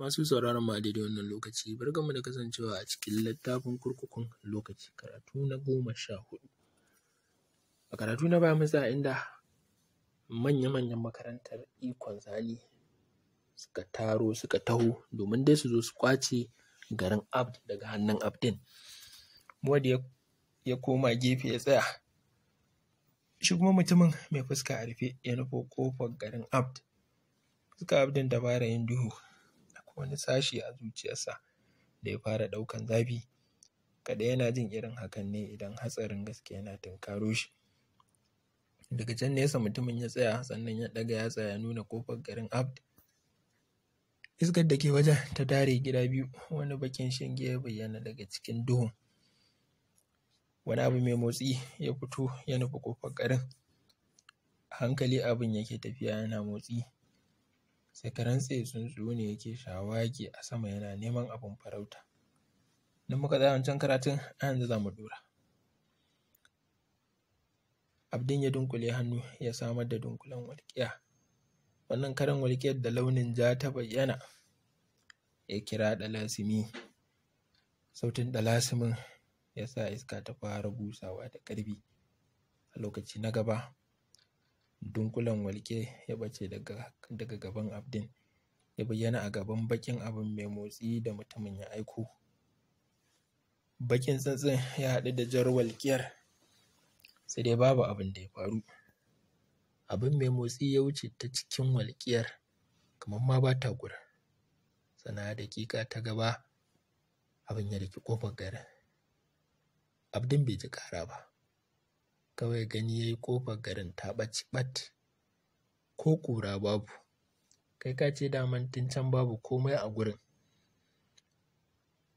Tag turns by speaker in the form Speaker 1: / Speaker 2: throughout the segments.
Speaker 1: Masu sauraron ma daidai wannan lokaci, mu da kasancewa a cikin littafin kurkukun lokaci, karatu na goma sha hudu, A karatu na baya mun inda manya-manyan makarantar ikon Sani suka taro suka taho domin dai su zo su kwace garin Abd daga hannun Abdin. wadda ya koma gefe ya tsaya, shi kuma mutumin mai fuska a rufe ya nufo ƙofar garin Abd. suka Abdin dabara yin duhu. wani sashi a zuciyarsa da ya fara ɗaukan zafi kaɗai yana jin irin hakan ne idan hatsarin gaske yana tunkaro shi daga can nesa mutumin ya tsaya sannan ya ɗaga ya tsaya nuna kofar garin abd iskar da ke wajen ta dare gida biyu wani bakin shinge ya bayyana daga cikin duhun wani abu mai motsi ya fito ya nufi kofar garin hankali abin yake tafiya yana motsi sai ka tsuntsu ne yake shawagi a sama yana neman abin farauta idan muka tsaya wancan karatun a yanzu za mu dora abdin ya dunkule hannu ya samar da dunkulen walƙiya wannan karin walƙiyar da launin ja ta bayyana ya kira ɗalasimi sautin ɗalasimin ya sa iska ta fara busawa da ƙarfi a lokaci na gaba dunkulen walƙe ya ɓace daga, daga gaban abdin ya bayyana a gaban baƙin abin mai motsi da mutumin ya aiko baƙin tsantsin ya haɗu da jar walƙiyar sai dai babu abin da ya faru abin mai motsi ya wuce ta cikin walƙiyar kamar ma ba ta gura sana daƙiƙa ta gaba abin ya rike kofar garin abdin bai ji ƙara ba kawai gani ya yi ƙofar garin ta ɓaci ɓat ko ƙura babu kai ka ce daman tun can babu komai a gurin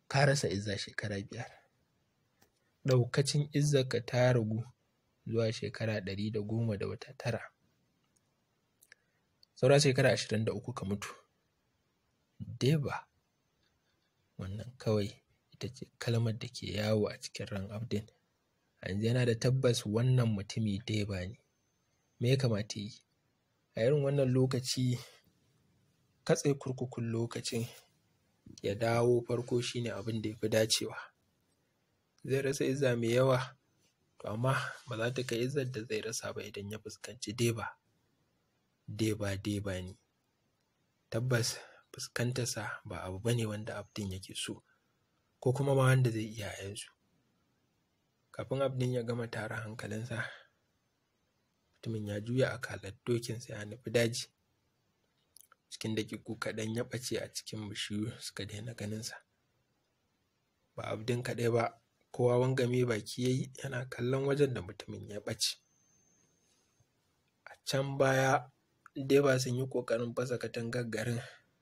Speaker 1: ka rasa izza shekara biyar ɗaukacin izzarka ta ragu zuwa shekara ɗari da goma da wata tara saura shekara ashirin da uku ka mutu deba wannan kawai ita ce kalmar da ke yawo a cikin ran abdin yanzu yana da tabbas wannan mutumi ba ne me ya kamata yi a irin wannan lokaci katse kurkukun lokacin ya dawo farko shine abin da ya fi dacewa zai rasa izza mai yawa to amma ba za ta kai izzar da zai rasa ba idan ya fuskanci ba. ba deba ba ne tabbas fuskantarsa ba abu bane wanda abdin yake so ko kuma ma wanda zai iya yanzu Kafin Abdin ya gama tara hankalinsa, mutumin ya juya a kalar dokinsa ya nufi daji. Cikin daƙiƙu kaɗan ya ɓace a cikin bishiyu suka daina ganinsa. Ba Abdin kaɗai ba, kowa wangame baki ya yi yana kallon wajen da mutumin ya ɓace. A can baya dai ba sun yi ƙoƙarin fasa katangar garin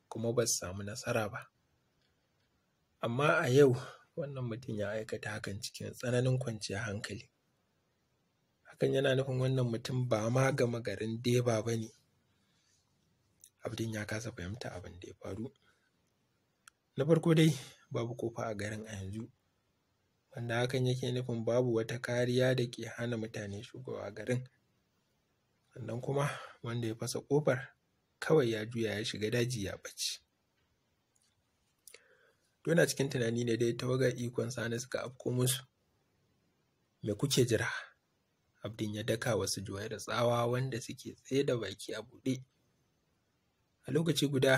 Speaker 1: kuma ba su samu nasara ba. Amma a yau wannan mutum ya aikata hakan cikin tsananin kwanciyar hankali hakan yana nufin wannan mutum ba ma gama garin deba ba ne abdin ya kasa fahimta abin da ya faru na farko dai babu kofa a garin a yanzu wanda hakan yake nufin babu wata kariya da ke hana mutane shigowa garin sannan kuma wanda ya fasa kofar, kawai ya juya ya shiga daji ya ɓace to yana cikin tunani ne dai tawaga ikon sani suka afko musu me kuke jira abdin ya daka wasu juwai da tsawa wanda suke tsaye da baki a buɗe a lokaci guda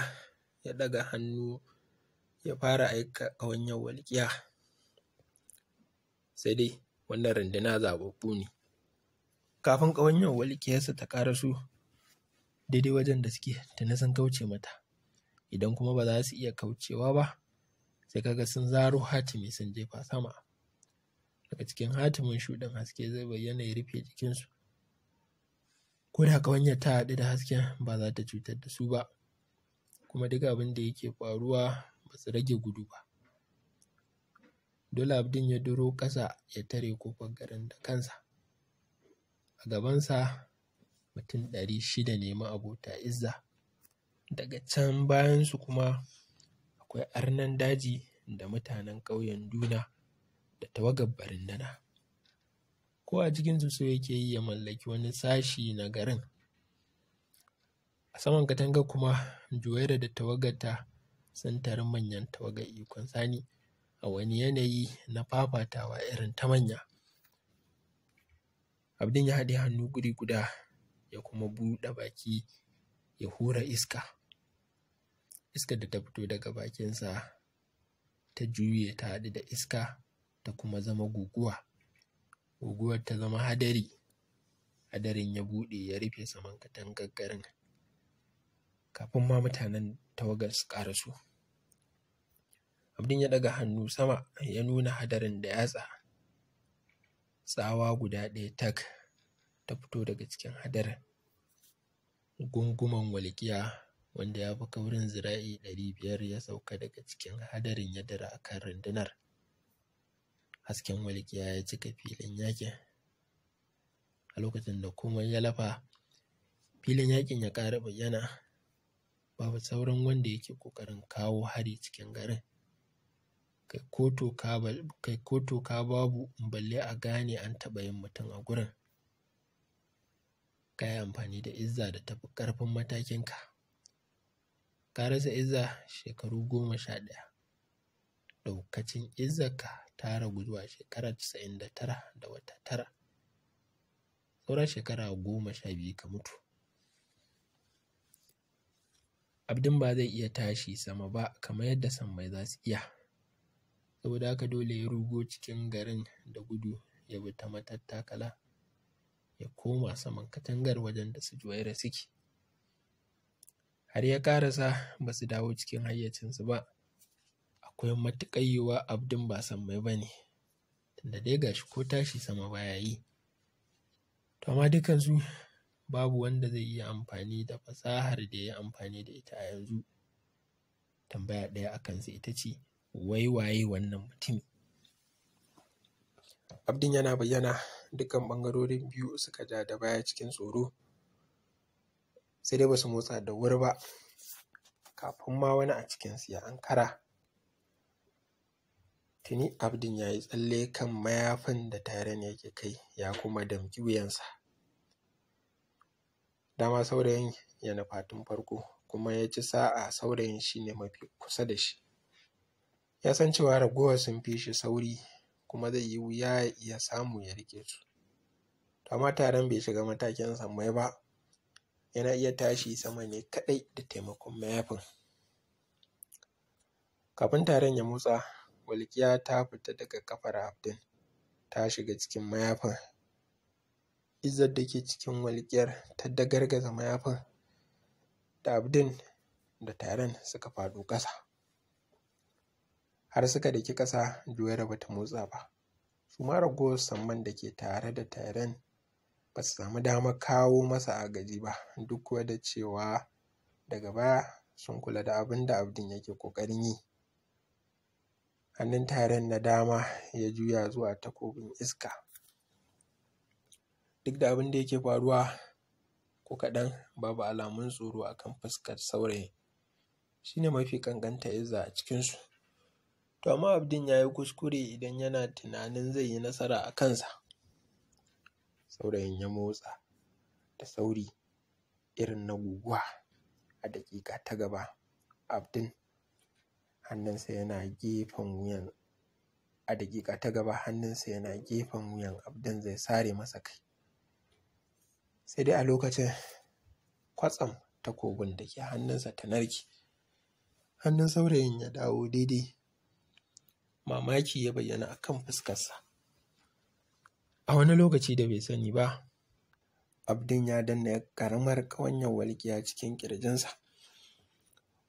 Speaker 1: ya ɗaga hannu ya fara aika ƙawanyar walƙiya sai dai wannan runduna zababbu ne kafin ƙawanyar walƙiyarsa ta karasu daidai wajen da suke na san kauce mata idan kuma ba za su iya kaucewa ba sai kaga sun zaro hatimi sun jefa sama daga cikin hatimin shuɗin haske zai bayyana ya rufe jikinsu ko da wanya ta haɗu da hasken ba za ta cutar da su ba kuma duk abin da yake faruwa ba su rage gudu ba dole abdin ya duro ƙasa ya tare kofar garin da kansa a gabansa mutum ɗari shida ne ma'abota izza daga can bayansu kuma akwai arnan daji da mutanen ƙauyen duna da tawagar dana ko a cikinsu so yake yi ya mallaki wani sashi na garin a saman katanga kuma juwaira da tawagata sun tarin manyan tawagar ikon sani a wani yanayi na fafatawa irin ta manya abdin ya haɗe hannu guri guda ya kuma buɗe baki ya hura iska iskar da ta fito daga bakinsa ta juye ta haɗu da iska ta kuma zama guguwa guguwar ta zama hadari hadarin ya buɗe ya rufe saman katan garin kafin ma mutanen tawagar su ƙaraso abdin ya ɗaga hannu sama ya nuna hadarin da yatsa tsawa guda ɗaya tak ta fito daga cikin hadarin gunguman walƙiya wanda ya fi kaurin zira'i biyar ya sauka daga cikin hadarin ya dara a kan rundunar. Hasken walƙiya ya cika filin yakin. A lokacin da kuma ya lafa, filin yakin ya ƙara bayyana, babu sauran wanda yake ƙoƙarin kawo hari cikin garin. Kai kotu ka babu balle a gane an taɓa yin mutum a gurin. Ka yi amfani da izza da tafi ƙarfin matakinka. ka rasa izza shekaru goma sha ɗaya ɗaukacin izzarka ta ragu zuwa shekara casa'in da tara da wata tara sauran shekara goma sha biyu ka mutu abdin ba zai iya tashi sama ba kamar yadda sammai za su iya saboda haka dole ya rugo cikin garin da gudu ya bi ta matattakala ya koma saman katangar wajen da su juwaira suke har ya ƙarasa ba su dawo cikin hayyacinsu ba akwai matuƙar yiwuwa abdin ba mai ba ne tunda dai gashi ko tashi sama baya yi to amma dukansu babu wanda zai iya amfani da fasahar da ya yi amfani da ita a yanzu tambaya ɗaya a kansa ita ce wai waye wannan mutumi abdin yana bayyana dukkan ɓangarorin biyu suka ja da baya cikin tsoro sai dai basu motsa da wuri ba kafin ma wani a cikinsu ya ankara tuni abdin ya yi tsalle kan mayafin da taren yake kai ya kuma damki wuyansa dama saurayin ya nufa farko kuma ya ci sa'a saurayin shi ne mafi kusa da shi ya san cewa ragowar sun fi shi sauri kuma zai yi wuya ya samu ya rike su amma taron bai shiga matakin samai ba yana iya tashi sama ne kaɗai da taimakon mayafin kafin taron ya motsa walƙiya ta fita daga ƙafar abdin ta shiga cikin mayafin Izzat da ke cikin walƙiyar ta dagargaza mayafin da abdin da taron suka faɗo ƙasa har suka daki ƙasa juwaira ta motsa ba su ma ragowar samman da ke tare da taron ba su samu damar kawo masa agaji ba duk kuwa da cewa daga baya sun kula da abin da abdin yake ƙoƙarin yi hannun taron na dama ya juya zuwa takobin iska duk da abin da yake faruwa ko kaɗan babu alamun tsoro a kan fuskar saurayin shi ne mafi ƙanƙanta izza a cikinsu to amma abdin ya yi kuskure idan yana tunanin zai yi nasara a kansa saurayin ya motsa da sauri irin na guguwa a daƙiƙa ta gaba abdin hannunsa yana gefen wuyan a daƙiƙa ta gaba hannunsa yana gefen wuyan abdin zai sare masa kai sai dai a lokacin kwatsam takobin da ke hannunsa ta narke hannun saurayin ya dawo daidai mamaki ya bayyana a kan fuskarsa a wani lokaci da bai sani ba abdin ya danna karamar ƙawanyar walƙiya cikin ƙirjinsa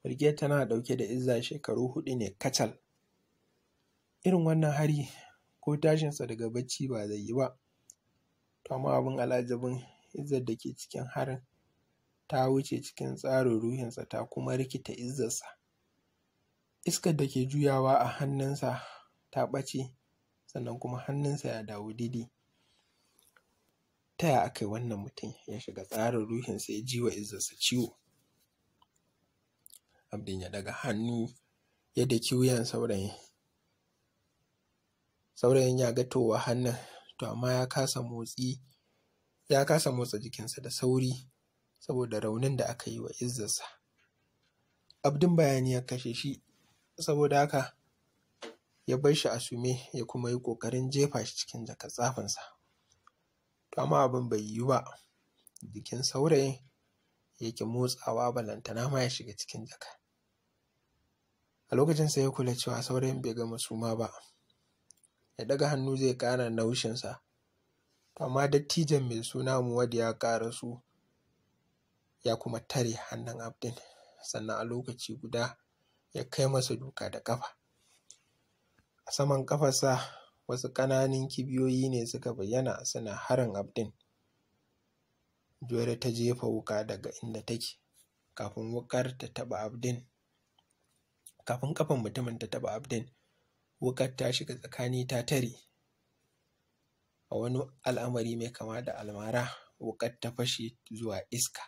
Speaker 1: walƙiyar tana ɗauke da izza shekaru huɗu ne kacal irin wannan hari ko tashinsa daga bacci ba zai yi ba to amma abin al'ajabin izzar da ke cikin harin ta wuce cikin tsarin ruhinsa ta kuma rikita izzarsa iskar da ke juyawa a hannunsa ta ɓace sannan kuma hannunsa ya dawo daidai ta ya aka yi wannan mutum ya shiga tsarin ruhinsa ya ji wa izinsa ciwo abdin ya daga hannu ya daki wuyan saurayin saurayin ya ga towa hannun to amma ya kasa motsi ya kasa motsa jikinsa da sauri saboda raunin da aka yi wa izinsa. abdin bayani ya kashe shi saboda haka ya bar shi a sume ya kuma yi ƙoƙarin jefa shi cikin jaka tsafinsa amma abin bai yiwu ba jikin saurayin yake motsawa balantana ma ya shiga cikin jaka a lokacin sai ya kula cewa saurayin bai gama suma ba ya daga hannu zai ƙara naushinsa amma dattijan mai suna mu wadda ya ƙara su ya kuma tare hannun abdin sannan a lokaci guda ya kai masa doka da ƙafa a saman kafarsa wasu ƙananan kibiyoyi ne suka bayyana suna harin abdin jure ta jefa wuka daga inda take kafin wukar ta taba abdin kafin kafin mutumin ta taba abdin wuƙar ta shiga tsakani ta tare a wani al'amari mai kama da almara wuƙar ta fashe zuwa iska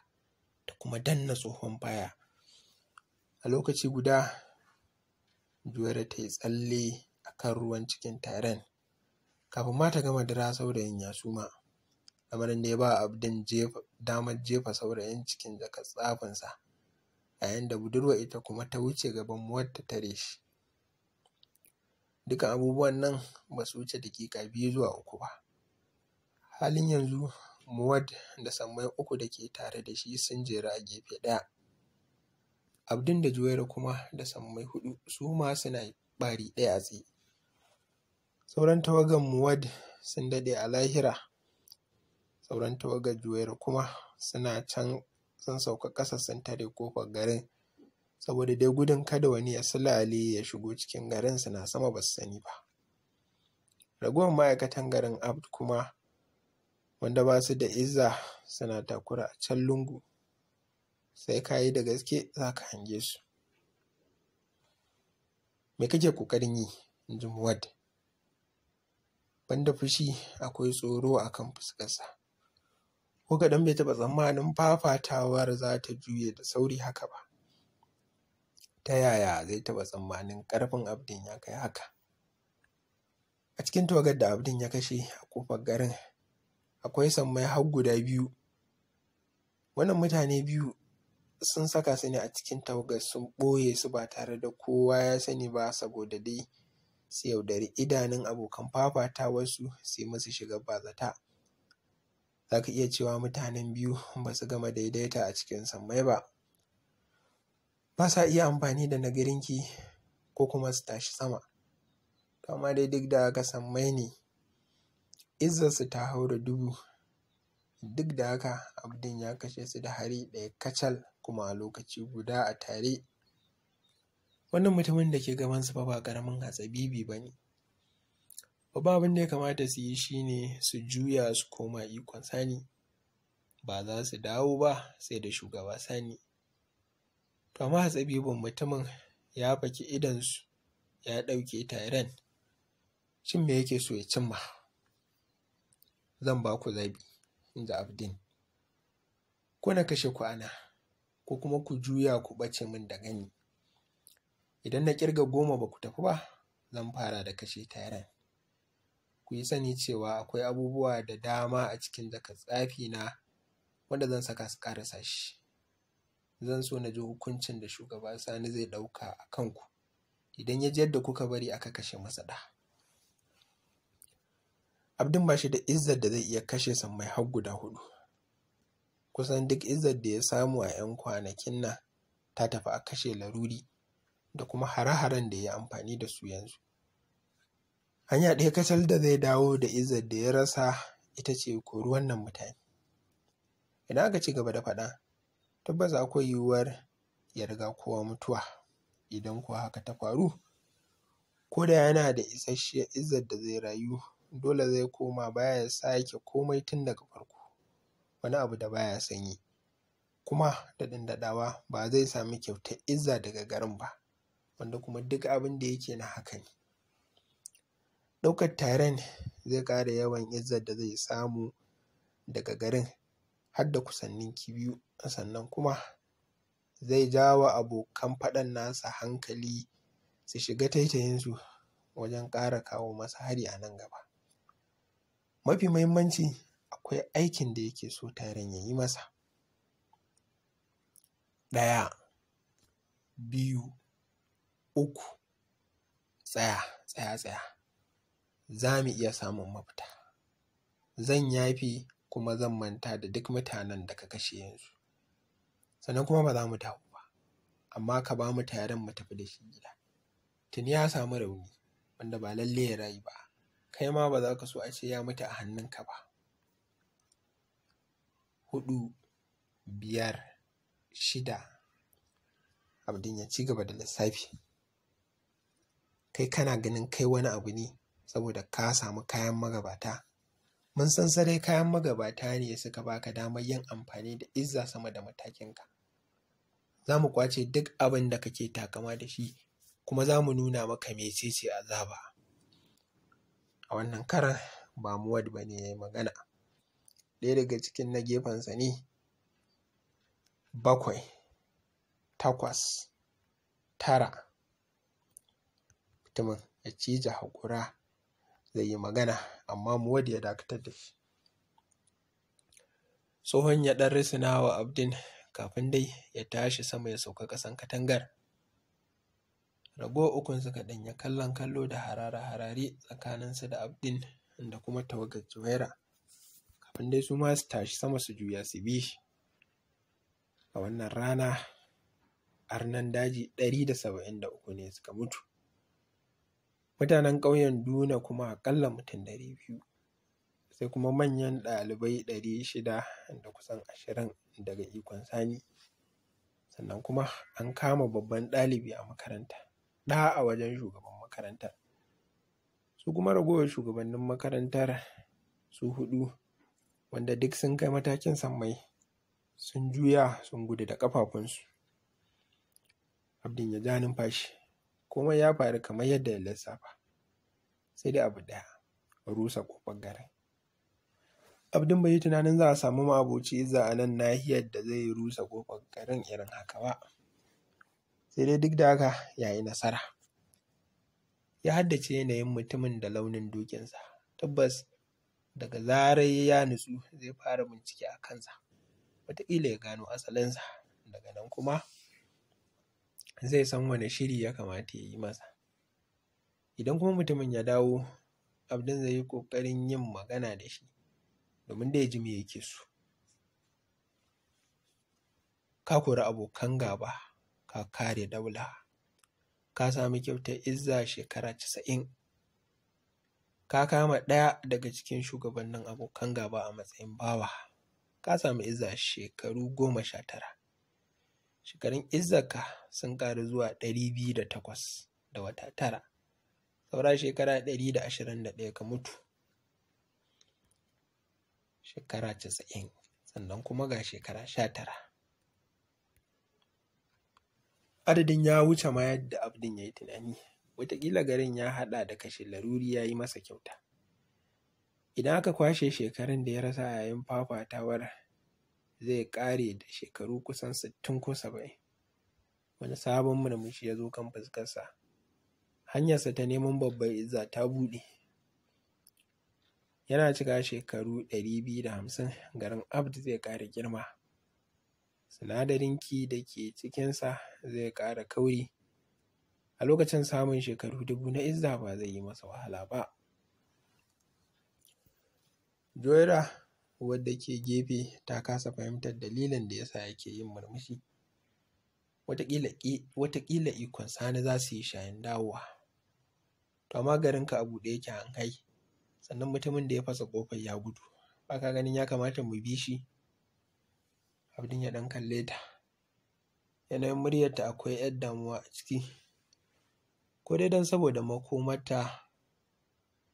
Speaker 1: ta kuma danna tsohon baya a lokaci guda juwara ta yi tsalle kan ruwan cikin taren kafin ma ta gama dira saurayin ya suma lamarin da ya ba abdin damar jefa saurayin cikin jakar tsafinsa yayin da budurwa ita kuma ta wuce gaban muwar ta tare shi dukan abubuwan nan ba su wuce dakika biyu zuwa uku ba halin yanzu muwad da sammai uku da ke tare da shi sun jera a gefe ɗaya abdin da juwaira kuma da sammai hudu su ma suna ɓari ɗaya a tsaye Sauran tawagar Muwad sun daɗe a lahira, sauran tawagar Juwairu kuma suna can sun sauka ƙasa sun tare kofar garin saboda dai gudun kada wani ya sulale ya shigo cikin garin suna sama ba su sani ba. Ragowar ma'aikatan garin Abd kuma wanda ba su da izza suna takura a can lungu sai ka yi da gaske za ka hange su. Me kake ƙoƙarin yi? in ji banda fushi akwai tsoro a kan fuskarsa ko kaɗan bai taɓa tsammanin fafatawar za ta juye da sauri haka ba ta yaya zai taɓa tsammanin ƙarfin abdin ya kai haka a cikin togar da abdin ya kashe a kofar garin akwai sammai har guda biyu wannan mutane biyu sun saka su ne a cikin tawagar sun ɓoye su ba tare da kowa ya sani ba saboda dai su yaudari idanun abokan ta wasu yi musu shiga bazata za ka iya cewa mutanen biyu ba su gama daidaita a cikin sammai ba ba sa iya amfani da nagarinki ko kuma su tashi sama amma dai duk da haka sammai ne su ta hau da dubu duk da haka abdin ya kashe su da hari ɗaya kacal kuma a lokaci guda a tare wannan mutumin da ke gabansu fa ba karamin hatsabibi ba ne babu abin da ya kamata su yi shine su juya su koma ikon sani ba za su dawo ba sai da shugaba sani to amma hatsabibin mutumin ya faki idansu ya ɗauke tairen shin me yake so ya cimma zan ba ku zabi inda abdin ko na kashe kwana, ko kuma ku juya ku ɓace min da gani idan na kirga goma ba ku tafi ba zan fara da kashe taran ku yi sani cewa akwai abubuwa da dama a cikin jaka tsafi na wanda zan saka su karasa shi zan so na ji hukuncin da shugaba sani zai ɗauka a kanku idan ya ji yadda kuka bari aka kashe masa ɗa abdin ba shi da izzar da zai iya kashe mai har guda hudu kusan duk izzar da ya samu a 'yan kwanakin nan ta tafi a kashe laruri da kuma hare-haren da ya amfani da su yanzu. Hanya ɗaya kacal da zai dawo da izzar da ya rasa ita ce kori wannan mutane. Ina aka ci gaba da faɗa, tabbas akwai yiwuwar ya riga kowa mutuwa idan kuwa haka ta faru. Ko da yana da isasshiyar izzar da zai rayu, dole zai koma baya ya sake komai tun daga farko. Wani abu da baya sanyi. Kuma kuma daɗin daɗawa ba zai sami kyauta izza daga garin ba. wanda kuma duk abin da yake na haka ne ɗaukar taren zai ƙara yawan izzar da zai samu daga garin har da kusannin biyu sannan kuma zai jawo abokan faɗan nasa hankali su shiga taitayinsu wajen ƙara kawo masa hari a nan gaba mafi mahimmanci akwai aikin da yake so taren ya yi masa ɗaya biyu uku tsaya tsaya tsaya za mu iya samun mafita zan yafi kuma zan manta da duk mutanen da ka kashe yanzu sannan kuma ba za mu dawo ba amma ka ba mu tayaran mu tafi da shi gida tuni ya samu rauni wanda ba lalle ya rayu ba kai ma ba za ka so a ce ya mutu a hannunka ba hudu biyar shida abdin ya ci gaba da lissafi kai kana ganin kai wani abu ne saboda ka samu kayan magabata mun san sarai kayan magabata ne suka baka damar yin amfani da izza sama da matakinka za mu kwace duk abin da kake takama da shi kuma za mu nuna maka mecece azaba a wannan karan ba muwad ba ne ya yi magana ɗaya daga cikin na gefensa ne bakwai takwas tara mutumin ya cije haƙura, zai yi magana amma mu Modi ya dakatar da shi tsohon ya ɗan risina wa abdin kafin dai ya tashi sama ya sauka ƙasan katangar rago ukun suka ya kallon kallo da harare harare tsakaninsu da abdin da kuma tawagar zuwaira kafin dai su ma su tashi sama su juya su bi a wannan rana arnan daji 173 ne suka mutu Mutanen ƙauyen Duna kuma aƙalla mutum ɗari biyu, sai kuma manyan ɗalibai ɗari shida da kusan ashirin daga ikon Sani. Sannan kuma an kama babban ɗalibi a makaranta, ɗa a wajen shugaban makarantar. Su kuma ragowar shugabannin makarantar su huɗu wanda duk sun kai matakin sammai sun juya sun gudu da ƙafafunsu. Abdin ya ja numfashi. komai ya faru kamar yadda ya lissafa sai dai abu ɗaya rusa kofar garin abdin bai yi tunanin za a samu ma'abuci za a nan nahiyar da zai rusa kofar garin irin haka ba sai dai duk da haka ya yi nasara ya haddace yanayin mutumin da launin dokinsa tabbas daga zarar ya nutsu zai fara bincike a kansa wataƙila ya gano asalinsa daga nan kuma zai san wani shiri ya kamata ya yi masa idan kuma mutumin ya dawo abdin zai yi ƙoƙarin yin magana da shi domin da ya ji me yake so ka kori abokan gaba ka kare daula ka sami kyauta izza shekara casa'in ka kama ɗaya daga cikin shugabannin abokan gaba a matsayin bawa ka sami izza shekaru goma sha tara shekarun izzaka sun ƙaru zuwa ɗari biyu da takwas wata tara saura shekara ɗari ashirin da ɗaya ka mutu shekara 90 sannan kuma ga shekara sha adadin ya wuce ma yadda abdin ya yi tunani watakila garin ya haɗa da kashe laruri ya yi masa kyauta idan aka kwashe shekarun da ya rasa yayin fafatawar zai ƙare da shekaru kusan sittin ko saba'in wani sabon murmushi ya zo kan fuskarsa hanyarsa ta neman babbar izza ta buɗe yana cika shekaru ɗari biyu da hamsin garin abd zai ƙara girma sinadarin ki da ke cikinsa zai ƙara kauri a lokacin samun shekaru dubu na izza ba zai yi masa wahala ba joira wadda ke gefe ta kasa fahimtar dalilin da yasa yake yin murmushi wataƙila ikon sani za su yi shayin dawowa to amma garinka a buɗe yake an kai sannan mutumin da ya fasa ƙofar ya gudu ba ka ganin ya kamata mu bi shi abdin ya ɗan kalle ta yanayin muryarta akwai 'yar damuwa a ciki ko dai don saboda makomarta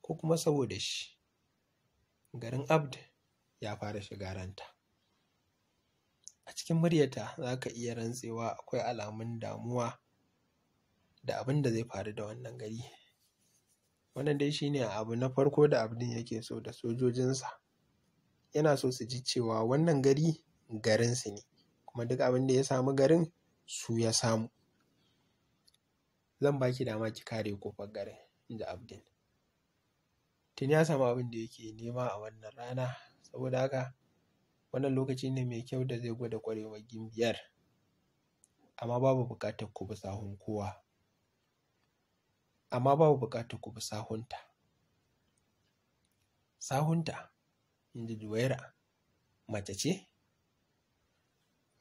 Speaker 1: ko kuma saboda shi garin abd ya fara shiga ranta a cikin muryata za ka iya rantsewa akwai alamun damuwa da abin da zai faru da wannan gari wannan dai shine abu na farko da abdin yake so da sojojinsa yana so su ji cewa wannan gari garinsu ne kuma duk abin da ya samu garin su ya samu zan baki dama ki kare kofar garin ji abdin tun ya samu abin da yake nema a wannan rana saboda haka wannan lokaci ne mai kyau da zai gwada kwarewar gimbiyar amma babu buƙatar ku bi sahun kowa amma babu buƙatar ku bi sahunta sahunta inda juwaira mace ce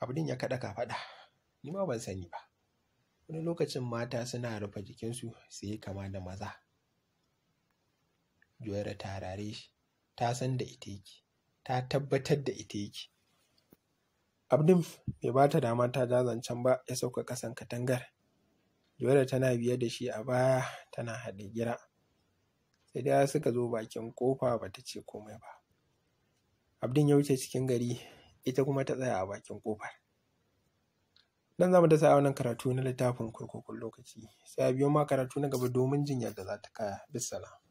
Speaker 1: abin ya kaɗa kafaɗa ni ma ban sani ba wani lokacin mata suna rufe jikinsu su yi kama da maza juwaira tarare ta san da ita yake ta tabbatar da ita yake abdin bai ba ta dama ta ja zancen ba ya sauka kasan katangar da tana biye da shi a baya tana haɗe gira sai dai suka zo bakin kofa ba ta ce komai ba abdin ya wuce cikin gari ita kuma ta tsaya a bakin kofar nan za mu dasa a wannan karatu na littafin kurkukun lokaci sai a biyo ma karatu na gaba domin jinyar da za ta kaya bisalam